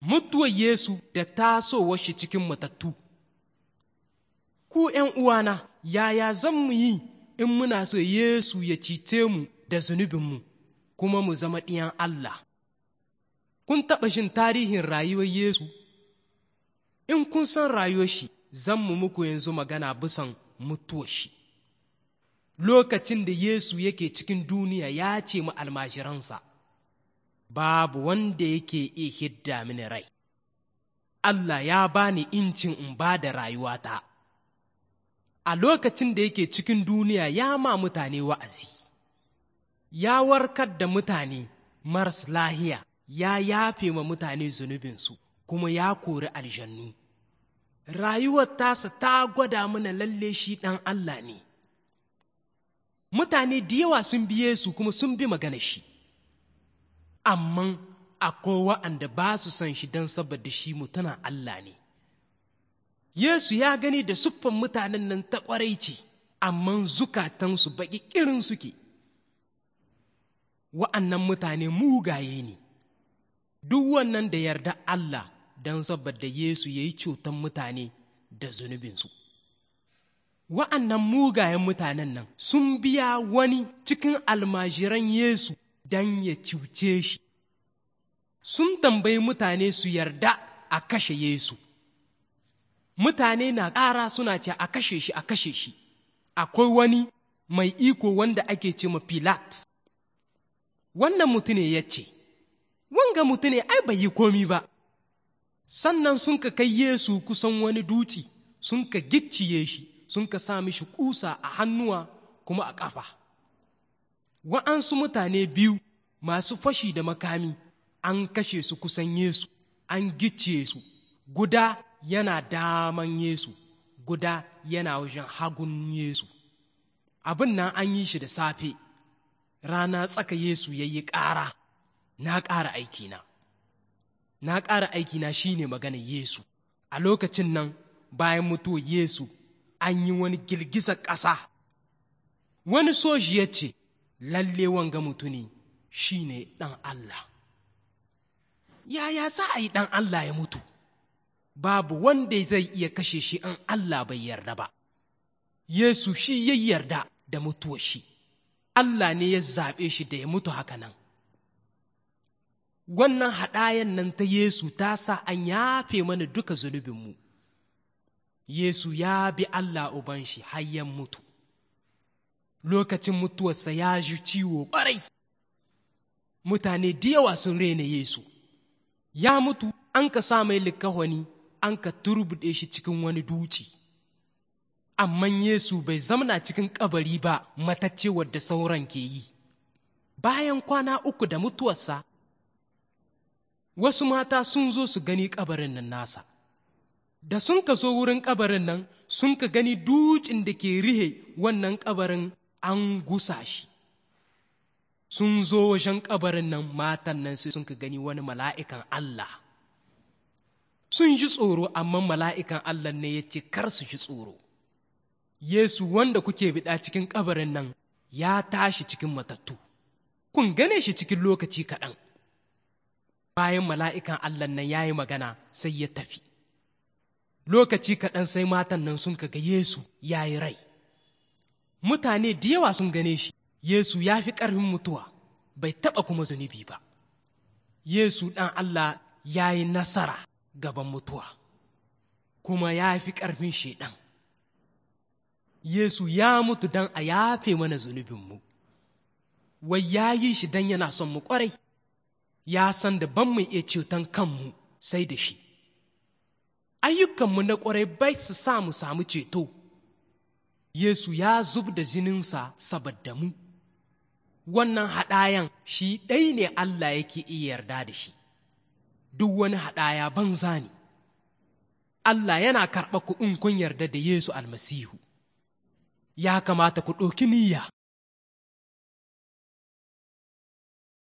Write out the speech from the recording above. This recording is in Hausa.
mutuwar Yesu da tasowar shi cikin matattu. Ku ’yan uwana, yaya zan mu yi in muna so Yesu ya cice mu da zunubinmu kuma mu zama ɗiyan Allah? Kun taɓa shin tarihin rayuwar Yesu? In kun san rayuwar shi, zan mu muku yanzu magana bisan mutuwar shi. Lokacin da Yesu yake cikin duniya ya ce mu almajiransa. babu wanda yake iya hidda mini rai Allah ya bani incin in ba da rayuwata a lokacin da yake cikin duniya ya ma mutane wa'azi ya warkar da mutane Mars lahiya ya yafe ma mutane zunubin su, kuma ya kori aljannu rayuwar tasa ta gwada mana lalle shi ɗan Allah ne mutane da yawa sun biye su kuma sun bi magana shi amma akwai wa'anda ba su san shi don saboda shi mutuna Allah ne. Yesu ya gani da siffan mutanen nan ta ƙwarai ce, amma zukatansu baƙi irin suke. Wa'annan mutane mugaye ne, duk wannan da yarda Allah don saboda Yesu ya yi cutan mutane da zunubinsu. Wa'annan mugayen mutanen nan sun biya wani cikin almajiran Yesu don ya cuce shi sun tambayi mutane su yarda a kashe Yesu mutane na ƙara suna ce a kashe shi a kashe shi akwai wani mai iko wanda ake ce ma Pilat wannan mutum ya ce wanga mutune ne ai bai yi komi ba sannan sun ka kai Yesu kusan wani dutse sun ka gicciye shi sun ka sa mishi kusa a hannuwa kuma a ƙafa wa'ansu mutane biyu masu fashi da makami an kashe su kusan Yesu, an gice su, guda yana daman Yesu, guda yana wajen hagun Yesu. Abin nan an yi shi da safe, rana tsaka Yesu ya yi ƙara, na ƙara aikina. Na ƙara aikina shi ne magana Yesu, a lokacin nan bayan mutuwa Yesu an yi wani girgizar ƙasa. Wani soji ya ce, lalle wanga mutuni shi ne ɗan Allah. Yaya za a yi ɗan Allah ya mutu, babu wanda zai iya kashe shi an Allah bai yarda ba, Yesu shi ya yarda da mutuwar shi, Allah ne ya zaɓe shi da ya mutu haka nan. Wannan haɗayan nan ta Yesu ta sa an yafe mana duka zunubinmu, Yesu ya bi Allah Uban shi har mutu. lokacin mutuwarsa ya ji ciwo ƙwarai mutane da yawa sun rena yesu ya mutu an ka sa mai likahwani an ka turbuɗe shi cikin wani duci amma yesu bai zamana cikin kabari ba matacce wadda sauran ke yi bayan kwana uku da mutuwarsa wasu mata sun zo su gani kabarin nan nasa da sun ka zo wurin kabarin nan sun ka gani ducin da ke rihe wannan kabarin an gusa shi sun zo wajen ƙabarin nan matan nan sai sun ka gani wani mala'ikan Allah sun ji tsoro amma mala'ikan Allah ne ya ce kar su ji tsoro Yesu wanda kuke biɗa cikin kabarin nan ya tashi cikin matattu kun gane shi cikin lokaci kaɗan bayan mala'ikan Allah nan ya yi magana sai ya tafi lokaci kaɗan sai matan nan sun ga Yesu ya yi rai mutane da yawa sun gane shi Yesu ya fi ƙarfin mutuwa bai taɓa kuma zunubi ba Yesu ɗan Allah ya yi nasara gaban mutuwa kuma ya fi ƙarfin shaiɗan Yesu ya mutu don a yafe mana zunubinmu wai ya yi shi don yana son mu ƙwarai ya san da ban mu iya ceton kanmu sai da shi ayyukanmu na ƙwarai bai su sa mu samu ceto Yesu ya zub da jininsa saboda mu, wannan haɗayan shi ɗai ne Allah yake iya yarda da shi, duk wani haɗaya banza ne. Allah yana karɓa ku in kun yarda da Yesu almasihu, ya kamata ku ɗauki niyya